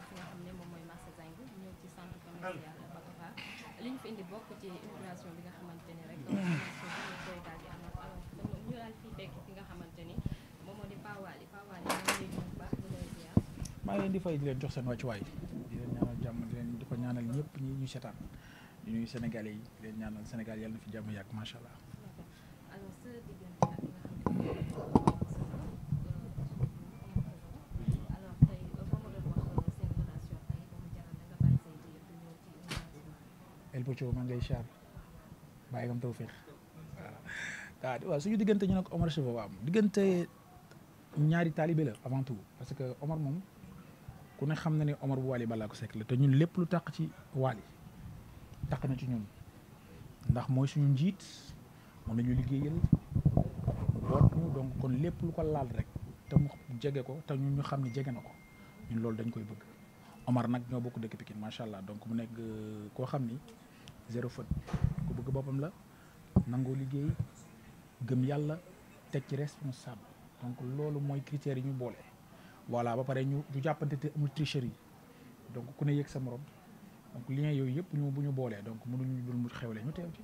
ñëw li ñu fi indi bokk ci inauguration bi nga xamante rek ñu di amal moom di Pawaali Pawaali maa ngi di fay jox seen wàccuwaay di leen ñaanal jàmm di leen di ko ñaanal ñëpp ñi ñu seetaan di nuyu Sénégalais yi leen ñaanal Sénégal yàlla na fi jàmm yàgg macha allah. Bouthio maa ngi lay siyaar bàyyi kam tawféex waaw waaw suñu diggante ñu nag Omar Chevaux waaw diggante ñaari taalibe la avant tout parce que Omar moom ku ne xam na ne Omar bu Wally Ballago Seck la te ñun lépp lu taq ci Wally taq na ci ñun ndax mooy suñu njiit moom la ñu liggéeyal boot ñu donc kon lépp lu ko laal rek te mu jege ko te ñun ñu xam ne jege na ko ñun loolu dañ koy bëgg Omar nag ñoo bokk dëkk Pikine macha allah donc mu nekk euh, koo xam ni. zéro faute ku bëgg boppam la nangoo liggéey gëm yàlla teg ci responsable donc loolu mooy critères yi ñu boole. voilà ba pare ñu du jàppante te amul tricherie donc ku ne yëg sa morom donc liens yooyu yëpp ñu bu ñu boolee donc mënuñu dul mu xewle ñu teew ci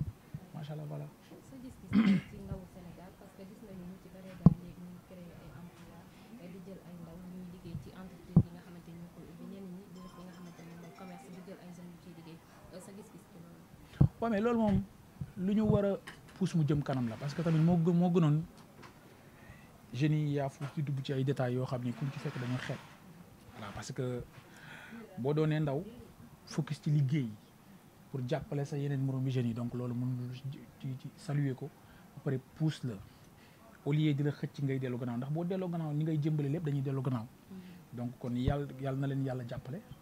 macha allah voilà. mais loolu moom lu ñu war a pousse mu jëm kanam la parce que tamit moo gën moo gënoon jeunes yi yaa fu ci dugg ci ay détails yoo xam ne kuñ ci fekk dañu xeet voilà parce que boo doonee ndaw focus ci liggéey pour jàppale sa yeneen moromu jeunes yi donc loolu mun ci ci saluer ko ba pare pousse la au lieu di la xëcc ngay delloo gannaaw ndax boo delloo gannaaw ni ngay jëmbale lépp dañuy dellu gannaaw mm-hmm. donc kon yàlla yàlla na leen yàlla jàppale.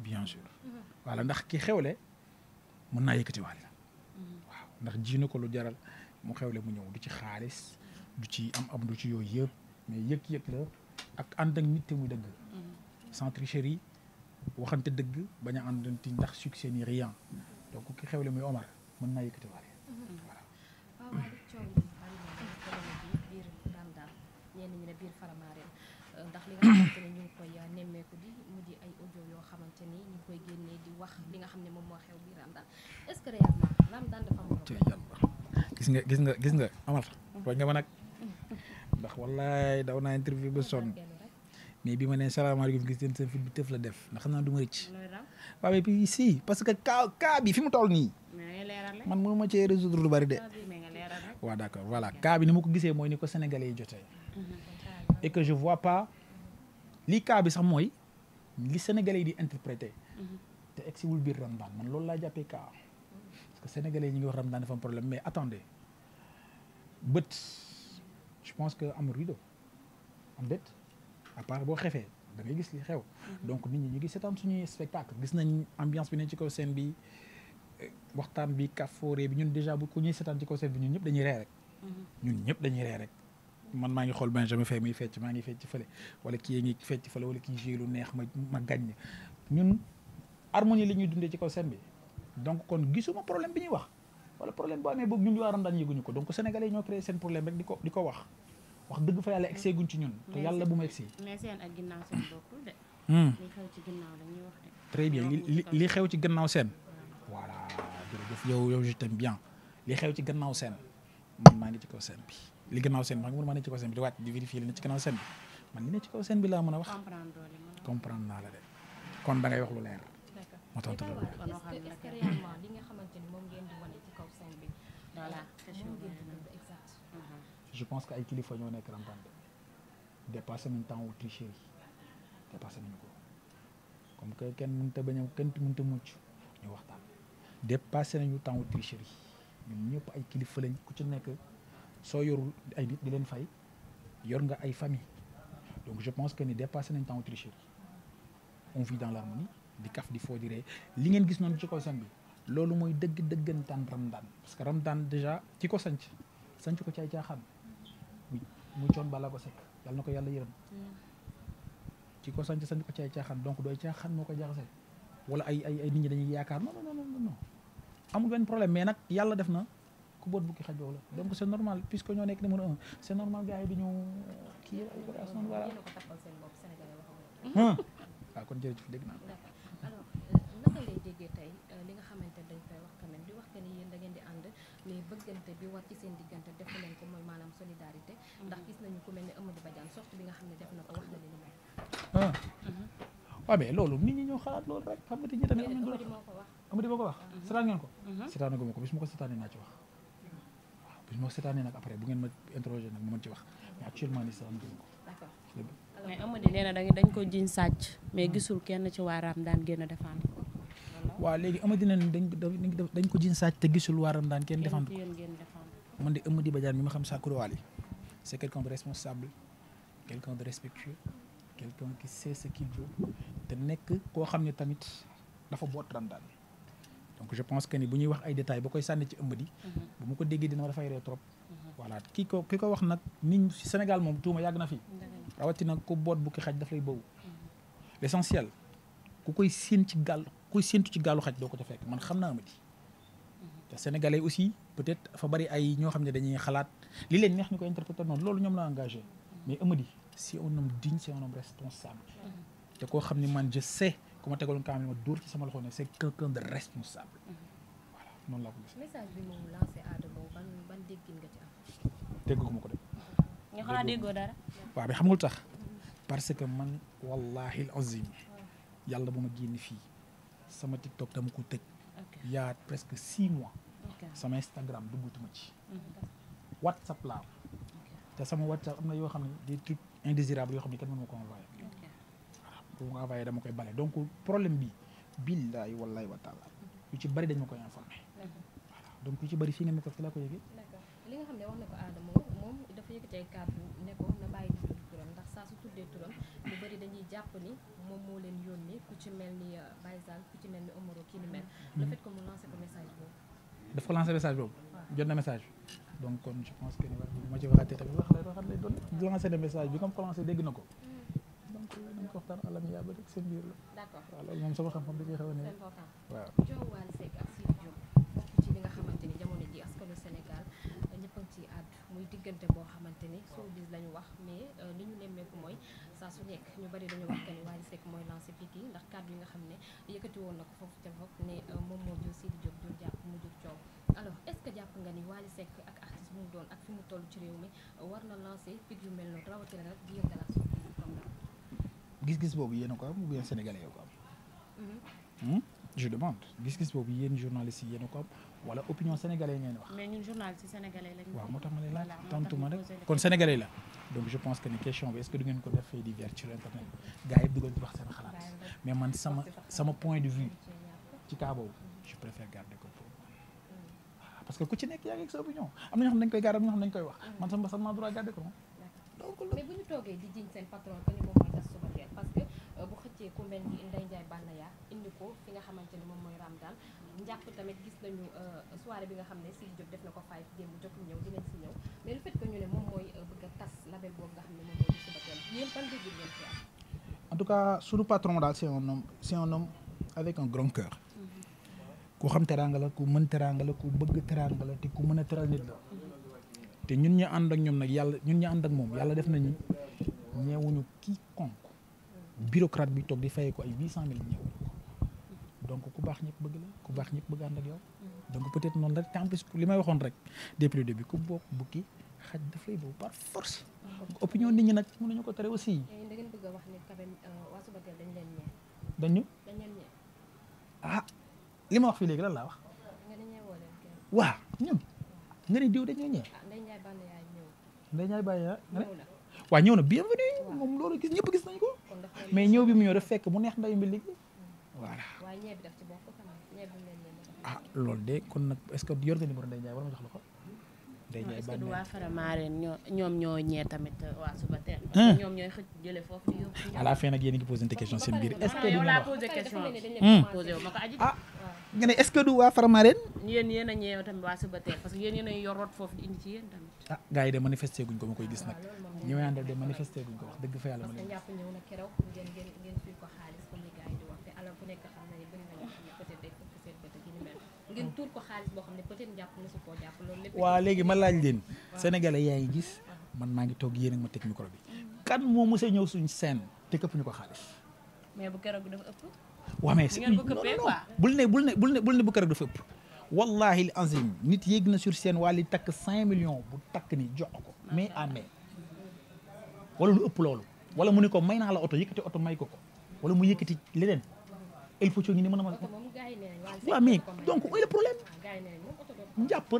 bien sûr voilà ndax ki xewle mën naa yëkkatiwaale waaw ndax ji na ko lu jaral mu xewle mu ñëw du ci xaalis du ci am am du ci yooyu yëpp mais yëg-yëg la ak ànd ak nit te muy dëgg sans waxante dëgg bañ a àndanti ndax succès ni rien donc ki xewle muy Omar mën naa yëkkatiwaale ndax euh, li nga xam ne moom moo gis nga gis nga gis nga Amar tooñ nga ma nag ndax wallaay daw naa interview ba son mais bi ma nee salaamaaleykum gis ngeen seen fit bi tëf la def ndax xam naa du ma rëcc waaw et puis parce que cas cas fi mu toll nii man mënu ma cee résoudre lu bari de waaw d'accord voilà cas bi ni ma ko gisee mooy ni ko sénégalais yi jotee mm-hmm. et que je vois pas li cas bi sax mooy li sénégalais yi di interpréter. Mhm. te egg si wul biir Ramadan man loolu laa jàppee cas parce que sénégalais ñu ngi wax Ramadan dafa am problème mais attendez bët je pense que amul rido am déet à boo xefee da ngay gis li xew. Mhm. donc nit ñi ñu ngi seetaan suñuy spectacle gis nañ ambiance bi ne ci kaw scène bi waxtaan bi kafoore bi ñun déjà bu ko ñuy seetaan ci kaw scène bi ñun ñëpp dañuy ree rek. Mhm. ñun ñëpp dañuy ree rek. man maa ngi xool Benjamin Faye muy fecc maa ngi fecc fële wala kii ngi fecc fële wala kii jëlu neex ma ma gàññ ñun harmonie li ñuy dundee ci kaw scène bi donc kon gisuma problème bi ñuy wax wala problème boo amee boobu ñun waaram daan yëguñu ko donc sénégalais yi ñoo créé seen problème rek di ko di ko wax wax dëgg fa yàlla egsee guñ ci ñun te yàlla bu mu egsee mais seen ak ginnaaw seen bokkul de li xew très bien li li xew ci gannaaw seen voilà jërëjëf yow yow bien li xew ci gannaaw seen man maa ngi ci kaw seen bi li gannaaw seen bi xam nga ma ne ci kaw seen bi di wàcc di vérifier li ne ci gannaaw seen bi man li ne ci kaw seen bi laa mën a wax. comprendre naa la de kon da ngay wax lu leer. ma tontu la je pense que ay kilifa ñoo nekk rampante dépassé nañ temps wu tricherie dépassé nañu que kenn mënut a bañ a kenn nañu temps wu tricherie ñun ñëpp ay kilifa lañ ku ci nekk. soo yorul ay nit di leen fay yor nga ay famille donc je pense que ni dépassé nañ temps tricherie on vit dans l'harmonie di kaf di foo di ree li ngeen gis noonu ci ko seen bi loolu mooy dëgg dëggantaan ramdaan parce que ramdaan déjà ci ko sanc sanc ko ci ay caaxaan mu mu coon bala ko sekk yàlla na ko yàlla yërëm ci mm. ko sanc sanc ko ci ay caaxaan donc dooy caaxaan moo ko jaxase wala ay ay nit ñi dañuy yaakaar non non non amul benn problème mais nag yàlla def na ku boot bukki xaj boobu la donc c' est normal puisque ñoo nekk numéro un c' est normal gars yi di ñu euh, kii ay bagage noonu voilà. waaw kon jërëjëf dégg naa ko. alors euh, naka lay déggee tey euh, li nga xamante dañ koy wax quand même wax que ni yéen da ngeen di ànd mais bëggante bi war ci seen diggante def leen ko mooy maanaam solidarité. Mm-hmm. ndax gis nañu ku mel ne Amadou Badiane sorte bi nga xam ne def na ko wax na li ñu waaw mm-hmm. ah, mais loolu nit ñi ñoo moo ko mm-hmm. bis mu ko seetaanee naa ci wax. bu ñu ma seetaanee nag après bu ngeen ma interrogé nag ma mën ci wax mais actuellement nii sax amaguñ ko. d'accord mais Amady nee na dañ ko jiñ sàcc mais hmm. gisul kenn ci waaraam daan génn défendre ko. waaw léegi Amady nee dañ ko dañ ko jiñ sàcc te gisul waaraam daan kenn défendre ko man de Amady Badiane mi ma xam Sakura Wali c'est quelqu'un de responsable quelqu'un de respectueux quelqu'un qui sait ce qu'il veut te nekk koo xam ne tamit dafa boot Ramdaan. donc je pense que ni bu ñuy wax ay détails ba koy sànni ci ëmb di mhm. bu mu ko déggee dina dafay ree trop mhm. voilà ki ko ki ko wax nag nit Sénégal moom tuuma yàgg na fi rawatina ku boot bu ki xaj dafay lay bëwu mhm. l'essentiel ku koy séen ci gàll ku koy séentu ci gàllu xaj doo ko ca fekk man xam naa ëmadi te sénégalais aussi peut-être fa bari ay ñoo xam ne dañuy xalaat li leen neex ñu ko interpréter noonu loolu ñoom la engagé mais ëmadi c'est un homme digne c'est un homme responsable koo xam ne ku ma tegaloon kaamil ma dóor ci sama loxo ne c'est quelqu'un de responsable. Mhm. voilà laa ko gisee. message bi moom ma ko de. waaw mais xam nga tax. parce que man wallahi azim yàlla bu ma génn fii sama TikTok dama ko tëj. y a presque six mois. sama Instagram duggutuma ci. Mhm. WhatsApp laa te sama WhatsApp am na yoo xam ne des trucs indésirables yoo xam ne kenn mënu ma ko envoyé. bu ma envoyé dama koy bale donk problème bi billahi wallahi wa taala lu ci bëri dañ ma koy informé voilà donc ci bëri fii nga ma ko fi laa ko yëgee li nga xam ne ko Adama moom dafa yëkkati ay kàddu ne ko na bàyyi tudd turam ndax saa su tuddee dañuy jàpp ni moom moo leen yónni ku ci mel ni euh, Baye Sall ku ci mel ni Omaro kii ni mel le fait que mu lancé ko message boobu daf ko lancé message boobu jot na message donc kon je ko lancé dégg na ko ko waxtaan à l'amiable loolu moom sama a néew. waaw Joe Wally Seck ak Sidy Diop li nga xamante ni jamono ji askanu Sénégal ñëpp a ngi ciy muy diggante boo xamante ni soo gis la ñu wax mais euh, li ñu nemmeeku mooy saa su nekk ñu bari dañu wax que ni mooy lancé pic yi ndax kàddu yi nga xam ne yëkkati woon na ko foofu ca bopp ne euh, moom moo jur Sidy Diop jur jàpp mu jur coow alors est-ce que jàpp nga ni Wally sekk ak artiste bu mu doon ak fi mu toll ci réew mi war na lancé pic yu mel noonu rawatina nag di yëngalaat suuf gis-gis boobu yéen a ko am ou bien sénégalais yoo ko am. Mm-hmm. Hmm? je demande gis-gis boobu yéen journaliste yi yéen a ko am wala opinion sénégalais ngeen wax. mais ñun journaliste sénégalais lañu. waaw moo tax ma lay laaj tontu kon sénégalais la. donc je pense que ni question bi est-ce que ko def fee divers sur internet gars yëpp dugal di wax seen xalaat mais man sama sama point de vue ci cas boobu je préfère garder ko pour mm-hmm. ah, parce que ku ci nekk yaa ngi ak sa opinion am na ñoo xam ne dañ koy garder am na ñoo xam ne dañ koy wax mm-hmm. man sama sama droit ko moom. donc mais Euh, bu xëccee ku mel ni Ndeye Ndiaye Banaya indi ko fi nga xamante ni moom mooy Ramadan njàpp tamit gis nañu euh, soirée bi nga xam ne Sidi Diop def na ko faay démb jotul ñëw dinañ si ñëw mais le fait euh, nga xam en tout cas suñu patron daal c'est un homme mm-hmm. xam teraanga la ku mën teraanga la ku bëgg teraanga la te ku mën a teral nit la mm-hmm. te ñun ñu ànd ak ñoom nag yàlla ñun ñu ànd ak moom yàlla def nañu ñeewuñu quiconque bureaucrate bi toog di fayee ko ay huit cent mille ñëw donc ku baax ñëpp bëgg la ku baax ñëpp bëgg ànd ak yow. donc peut-être noonu rek li may waxoon rek depuis le début ku bokk bukki xaj daf lay boobu par force. opinion nit ñi nag mën nañu ko tere aussi. Eh, da ngeen bëgg a wax ne quand même euh, ah, wax fii léegi lan laa wax. nga ne ñeewoo leen kenn. waaw ñun nga ne diw dañ ñoo ñeew. ah Ndeye yaay ñëw. ñëw na. waaw ñëw na bienvenue moom loolu gis ñëpp gis nañ ko. mais ñëw bi mu ñëw daf fekk bu neex ndayu mbi gi voilà ah loolu de kon nag est-ce que yor nga numéro Ndeye Ndiaye war ma jox la ko day jaay bànneex ñoom ñoo ñee tamit euh, waa suba teel. ñoom ñooy xëcc jële foofu di yóbbu. à la fin nag yéen a ngi posé question seen biir est-ce que. yow laa a tamit waa teel parce que yéen yéen a yoroot foofu di indi ci yéen tamit. ah de manifesté guñ ko ma koy gis nag ah, ñi may de manifesté guñ ko wax dëgg fa yàlla ma leen. ngeen tuur ko xaalis boo xam ne peut-être jàpp na su koo jàpp loolu lépp. waaw léegi ma laaj leen. sénégalais yaa ngi gis man maa ngi toog yéen ak ma teg micro bi. kan moo mës a ñëw suñu scène te këpp ñu ko xaalis. mais bu keroog dafa ëpp. waaw mais si non non bul ne bul ne bul ne bul ne bu keroog dafa ëpp. wallahi li anzim nit yéeg na sur scène waa li takk 5 millions bu takk ni jox ko. mais à mais wala lu ëpp loolu. wala mu ne ko may naa la oto yëkkati oto may ko ko. wala mu yëkkati leneen il faut que ñu ne mën a ma. waaw mais donc où est le problème njàpp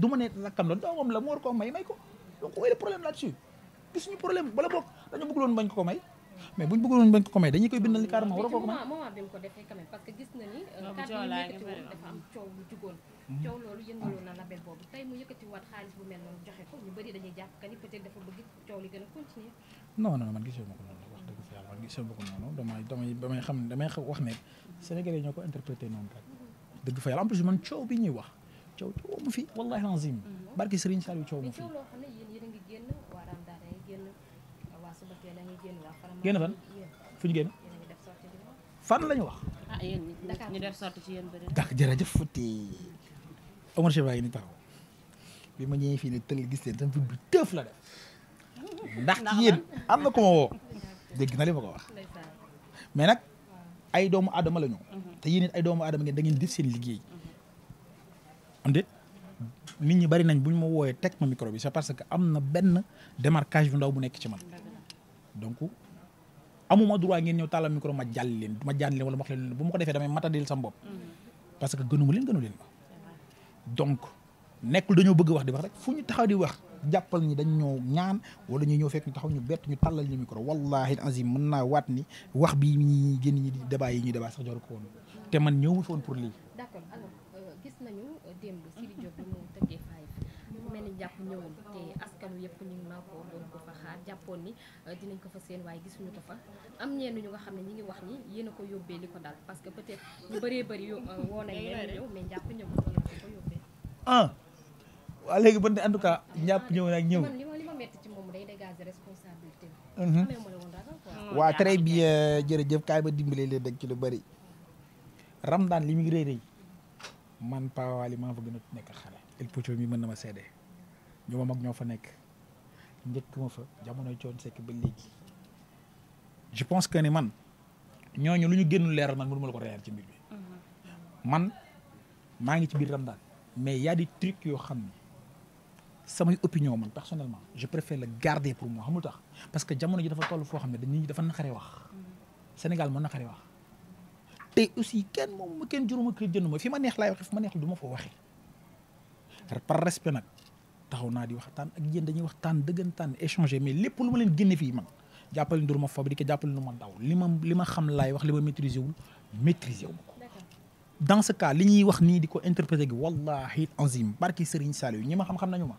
du ma ne lakkam la doomam la mu war koo may may ko donc où est le problème là-dessus gis ñu problème bala boog dañu bëggoon bañ ko may mais buñ bañ ko koy bindal ni carrément war ko may parce que gis na ni kàddu euh, yi dafa am mhm. mu yëkkatiwaat xaalis bu mel noonu joxe ko ñu bëri dafa bëgg coow li gën a continuer non man gisoo ma ko noonu man gisoo ko noonu damay xam ne damay wax ne sénégalais ñoo ko interprété noonu rek dëgg fa yàlla en plus man coow bi ñuy wax coow coow mu fi wallahi lazim mhm. barki Serigne Saliou coow mu fi génn fan fu ñu génn fan lañu wax ah yéen ñu def sorti ci yéen bëri dak jërëjëf futi Omar Cheikh ni taxaw bi ma ñëwee fii ne tël gis leen tam bi tëf la def ndax yéen am na ko dégg na li ma ko wax mais nag ay doomu adama la ñu mhm. te yéen it ay doomu aadama ngeen da ngeen def seen liggéey am déet nit ñi bari nañ bu ñu ma wooyee teg ma micro bi parce que am na benn démarquage bu ndaw bu nekk ci man donc amuma droit ngeen ñëw tàllal micro ma jàll leen ma jàll leen wala ma wax leen bu ma ko defee damay matadil sa bopp mhm. parce que gënuma leen gënu leen ma donc nekk dañoo bëgg wax di wax rek fu ñu taxaw di wax jàppal ni dañ ñoo ñaan wala ñu ñëw fekk ñu taxaw ñu bett ñu tàllal ñu micro wallahi azim mën naa waat ni wax bi ñi génn ñu di débat yi ñuy débat sax jaru ko woon te man ñëwuma fi woon pour lii. Euh, gis nañu euh, démb Sidi Diop bi mu tëggee faay mel ni jàpp ñëwul te askan wi yëpp ñu ngi naa ko fa xaar jàppoon ni euh, dinañ ko fa seen waaye gisuñu ko fa am ñenn ñu nga xam ne ñu ngi wax ni yéen ko yóbbee li ko dal parce que peut-être ñu bëree bëri woo nañ mais jàpp ñëwul ko yóbbee waa léegi ba en tout cas ñàpp ñëw nag ñëw. Mhm. Mm. waaw très bien jërëjëf kaay ba dimbale leen rek ci lu bari. Ramdan li ngi rëy rëy man Paa Waly maa fa gën a nekk xale. El Poto mi mën na ma seede ñoo moom mag ñoo fa nekk njëkk ma fa jamono coon sekk ba léegi. je pense que ni man ñooñu lu ñu génnul leeral man mënu ma la ko reer ci mbir bi mm-hmm. man maa ngi ci biir Ramdan mais y a des yoo xam ni. samay opinion man personnellement je préfère la garder pour moi xamul tax parce que jamono ji dafa toll foo xam ne dañuy dafa naqaree wax Sénégal moo naqaree wax te aussi kenn moom kenn juróoma kër jënd ma fi ma neex laay waxee ma neex du ma fa waxee par respect nag taxaw naa di waxtaan ak yéen dañuy waxtaan dëggantaan échanger mais lépp lu ma leen génne fii man jàppale du ma fabriqué jàppale du ma daw li ma li ma xam laay wax li ma maîtriser wul maîtriser wu ma ko. dans ce cas li ñuy wax nii di ko interpréter gi wallahi azim barki Serigne Saliou ñi ma xam-xam nañu ma.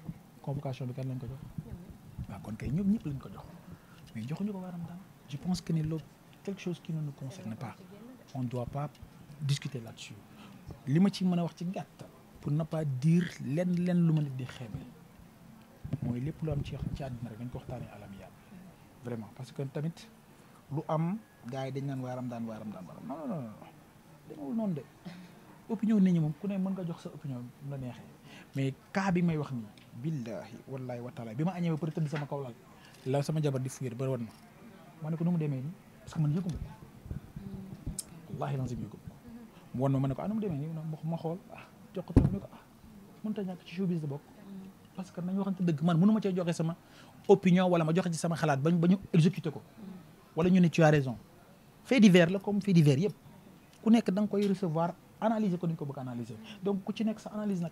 convocation bi kan lañ ko jox waaw ah, kon kay ñoom ñëpp lañ ko jox mais joxuñu ko waaramtaan je pense que ne loolu quelque chose qui ne nous concerne pas on doit pas discuter là-dessus li ma ci mën a wax ci gàttal pour ne pas dire lenn lu ma nit di xeebee mooy lépp lu am ci ci àddina rek dañ ko waxtaanee alam yàlla vraiment parce que tamit lu am gars yi dañ naan waaram daan waaram daan waaram non non non demewul noonu de opinion nit ñi moom ku ne mën nga jox sa opinion mu la neexee mais cas bi may wax nii billahi wallahi wa taala bi ma añee ba pare tëdd sama kaw lal la sama jabar di fuir ba wan ma ma ne ko nu mu demee nii parce que man yëgu ma ko wallahi lan si ma ne ko ah mu demee nii ma xool ah jox ko tamit ne ko ah mënut a ci showbiz la bokk parce que nañu waxante dëgg man mënu ma cee joxe sama opinion wala ma joxe ci sama xalaat bañ ba ñu exécuté ko wala ñu ne tu as raison fait divers la comme fait divers yëpp ku nekk da nga koy recevoir analyser ko ni ko bëgg analyser donc ku ci nekk sa analyse nag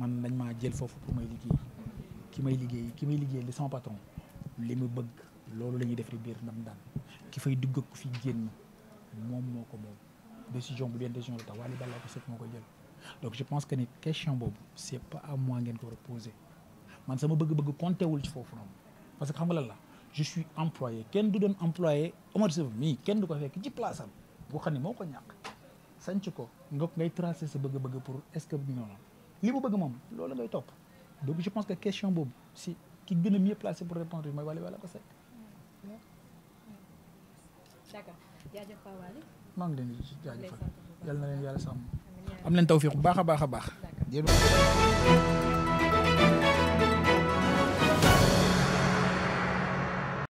man lañ maa jël foofu pour may liggéey ki may liggéey ki may liggéey li sama patron li mu bëgg loolu la ñuy def di biir ndam daan ki fay dugg ak fi génn moom moo ko moom décision bu benn décision la tax Wally Ballago Seck moo koy jël don je pense que ni question boobu c' est pas à ko war a sama bëgg-bëgg compté wul ci foofu noonu parce que xam nga lan la je suis employé kenn du doon employé Omar Seck mii kenn du ko fekk ci place boo xam ne moo ko ñàkk sanc ko nga ngay tracé sa bëgg-bëgg pour est ce que bi noonu li mu bëgg moom loolu ngay topp donc je pense que question boobu si ki gën a mieux placé pour répondre mooy Wally Ballago Seck. d'accord jaajëf Pape Waly. maa ngi leen di jaajëfal yal na leen yàlla sàmm. am leen bu baax a baax a baax.